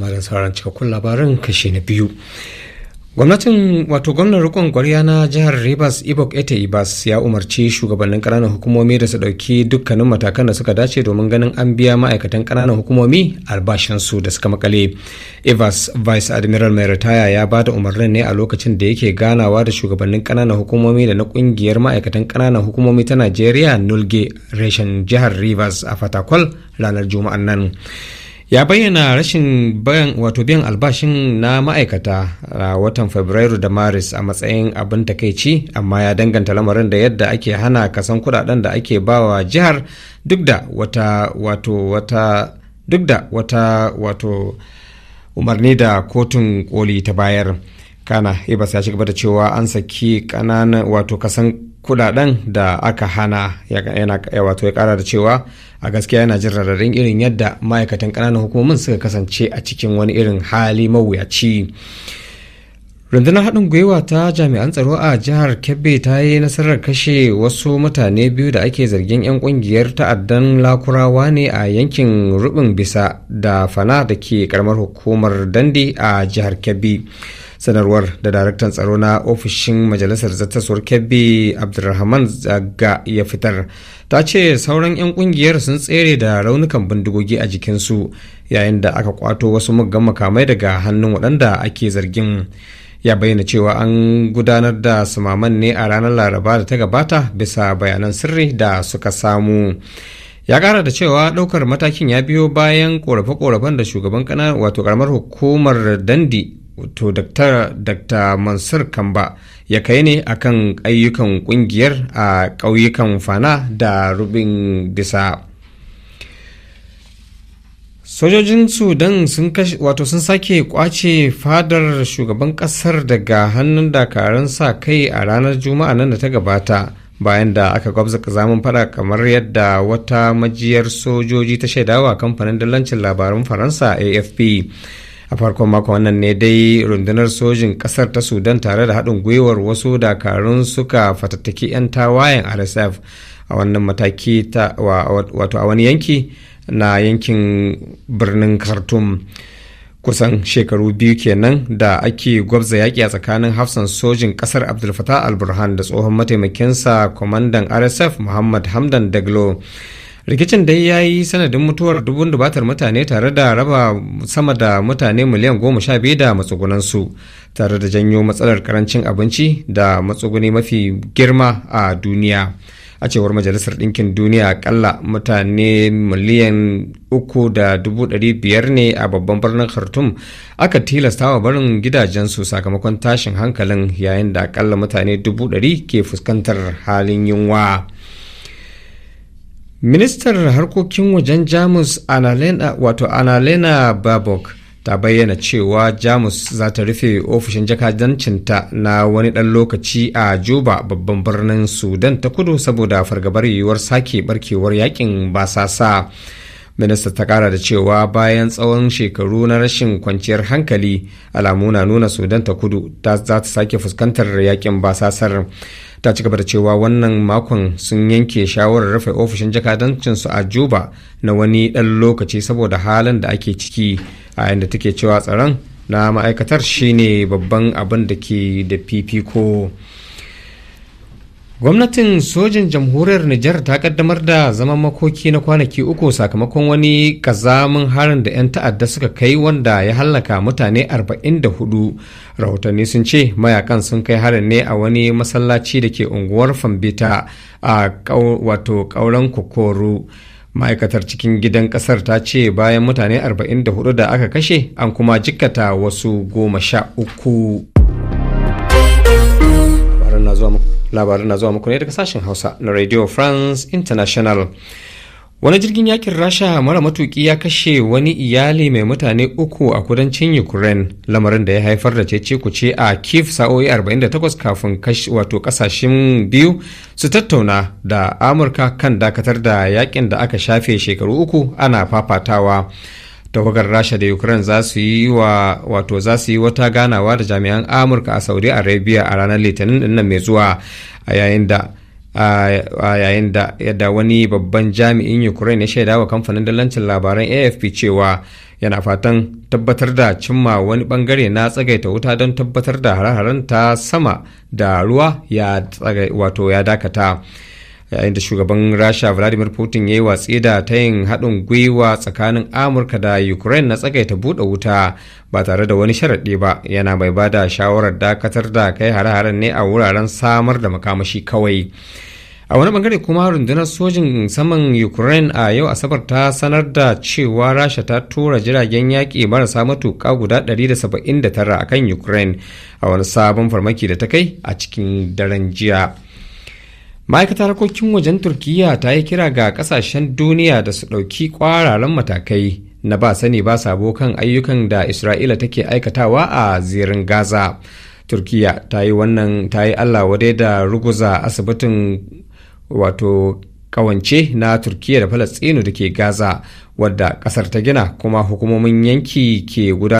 malam sauran cikakkun labarin kashe na biyu gwamnatin wato gwamnan rikon gwarya na jihar rivers ibok ete ibas ya umarci shugabannin ƙananan hukumomi da su ɗauki dukkanin matakan da suka dace domin ganin an biya ma'aikatan ƙananan hukumomi albashinsu da suka makale ibas vice admiral mai ritaya ya ba da umarnin ne a lokacin da yake ganawa da shugabannin ƙananan hukumomi da na ƙungiyar ma'aikatan ƙananan hukumomi ta najeriya nulge reshen jihar rivers a fatakwal ranar juma'an nan ya bayyana rashin bayan wato biyan albashin na ma'aikata a watan fabrairu da maris a matsayin abin takaici amma ya danganta lamarin da yadda ake hana kasan kudaden da ake bawa jihar duk da wata wato wata duk da wata wato umarni da kotun koli ta bayar kana ibas ya ci gaba da cewa an saki kananan wato kasan kudaden da aka hana yana wato ya kara da cewa a gaskiya yana jin rarrarin irin yadda ma'aikatan kananan hukumomin suka kasance a cikin wani irin hali mawuyaci rundunar haɗin gwiwa ta jami'an tsaro a jihar kebbi ta yi nasarar kashe wasu mutane biyu da ake zargin 'yan ƙungiyar ta'addan lakurawa ne a yankin rubin bisa da fana da ke karamar hukumar dande a jihar kebbi sanarwar da daraktan tsaro na ofishin majalisar zattasuwar kebbi abdulrahman zaga ya fitar ta ce sauran 'yan kungiyar sun tsere da raunukan bindigogi a jikinsu yayin da aka kwato wasu muggan makamai daga hannun waɗanda ake zargin ya bayyana cewa an gudanar da sumaman ne a ranar laraba da ta gabata bisa bayanan sirri da suka samu ya kara da cewa ɗaukar matakin ya biyo bayan korafe-korafen da shugaban kana wato karamar hukumar dandi to dr mansur kamba ya kai ne akan ayyukan kungiyar a ƙauyukan fana da rubin bisa? sojojin sudan sun wato sun sake kwace fadar shugaban kasar daga hannun dakarun sa kai a ranar juma'a nan da ta gabata bayan da aka gwabza kazamin fada kamar yadda wata majiyar sojoji ta shaidawa kamfanin dalancin labarun faransa afp a farkon makon wannan ne dai rundunar sojin kasar ta sudan tare da haɗin gwiwar wasu dakarun suka fatattaki 'yan tawayen rsf a wannan mataki wato a wani yanki na yankin birnin khartoum kusan shekaru biyu kenan da ake gwabza yaƙi a tsakanin hafsan sojin ƙasar abdulfatah al-burhan da tsohon mataimakinsa kwamandan rsf muhammad hamdan daglo rikicin dai ya yi sanadin mutuwar dubun dubatar mutane tare da raba sama da mutane miliyan goma sha biyu da matsugunansu tare da janyo matsalar karancin abinci da matsuguni mafi girma a duniya a cewar majalisar ɗinkin duniya akalla mutane miliyan uku da dubu ɗari biyar ne a babban birnin khartoum aka tilasta wa barin gidajensu sakamakon tashin hankalin yayin da akalla mutane dubu ɗari ke fuskantar halin yunwa. ministar harkokin wajen jamus analena wato analena babok ta bayyana cewa jamus za ta rufe ofishin jakadancinta na wani ɗan lokaci a juba babban birnin sudan ta kudu saboda fargabar yiwuwar sake barkewar yakin basasa minista ta kara da cewa bayan tsawon shekaru na rashin kwanciyar hankali alamu na nuna sudan ta kudu za ta sake fuskantar yakin basasar ta ci gaba da cewa wannan makon sun yanke shawarar rufe ofishin jakadancinsu a juba na wani ɗan lokaci saboda halin da ake ciki a yadda take cewa tsaron na ma'aikatar shine babban abin da ke da fifiko. gwamnatin sojin jamhuriyar nijar ta kaddamar da zaman makoki na kwanaki uku sakamakon wani kazamin harin da 'yan ta'adda suka kai wanda ya hallaka mutane 44 rahotanni sun ce mayakan sun kai harin ne a wani masallaci da ke unguwar fambita a wato kauran kokoro ma'aikatar cikin gidan ƙasar ta ce bayan mutane 44 da aka kashe an kuma jikkata wasu goma sha uku. labarin na zuwa muku ne daga sashen hausa na radio france international wani jirgin yakin rasha mara matuki ya kashe wani iyali mai mutane uku a kudancin ukraine lamarin da ya haifar da cece kuce a kiev sa'o'i 48 kafin wato kasashen biyu su tattauna da amurka kan dakatar da yakin da aka shafe shekaru uku ana fafatawa tawagar rasha da ukraine za su yi wa wato za su yi wata ganawa da jami'an amurka a saudi arabia a ranar litinin din nan mai zuwa a yayin da yadda wani babban jami'in ukraine ya shaida wa kamfanin dalancin labaran afp cewa yana fatan tabbatar da cimma wani bangare na tsagaita wuta don tabbatar da hare-haren ta sama da ruwa wato ya dakata yayin da shugaban rasha vladimir putin ya yi watsi da yin haɗin gwiwa tsakanin amurka da ukraine na tsagaita buɗe wuta ba tare da wani sharaɗi ba yana mai ba da shawarar dakatar da kai hare-haren ne a wuraren samar da makamashi kawai a wani bangare kuma rundunar sojin saman ukraine a yau asabar ta sanar da cewa rasha ta tura jiragen yaƙi marasa matuƙa guda 179 a kan ukraine a wani sabon farmaki da ta kai a cikin daren jiya ma'aikatar harkokin wajen turkiyya ta yi kira ga kasashen duniya da su ɗauki ƙwararren matakai na ba sani ba sabo kan ayyukan da isra'ila take aikatawa a zirin gaza turkiyya ta yi wannan ta yi allah wadai da ruguza asibitin wato kawance na turkiya da falastinu da ke gaza wadda kasar ta gina kuma hukumomin yanki ke guda.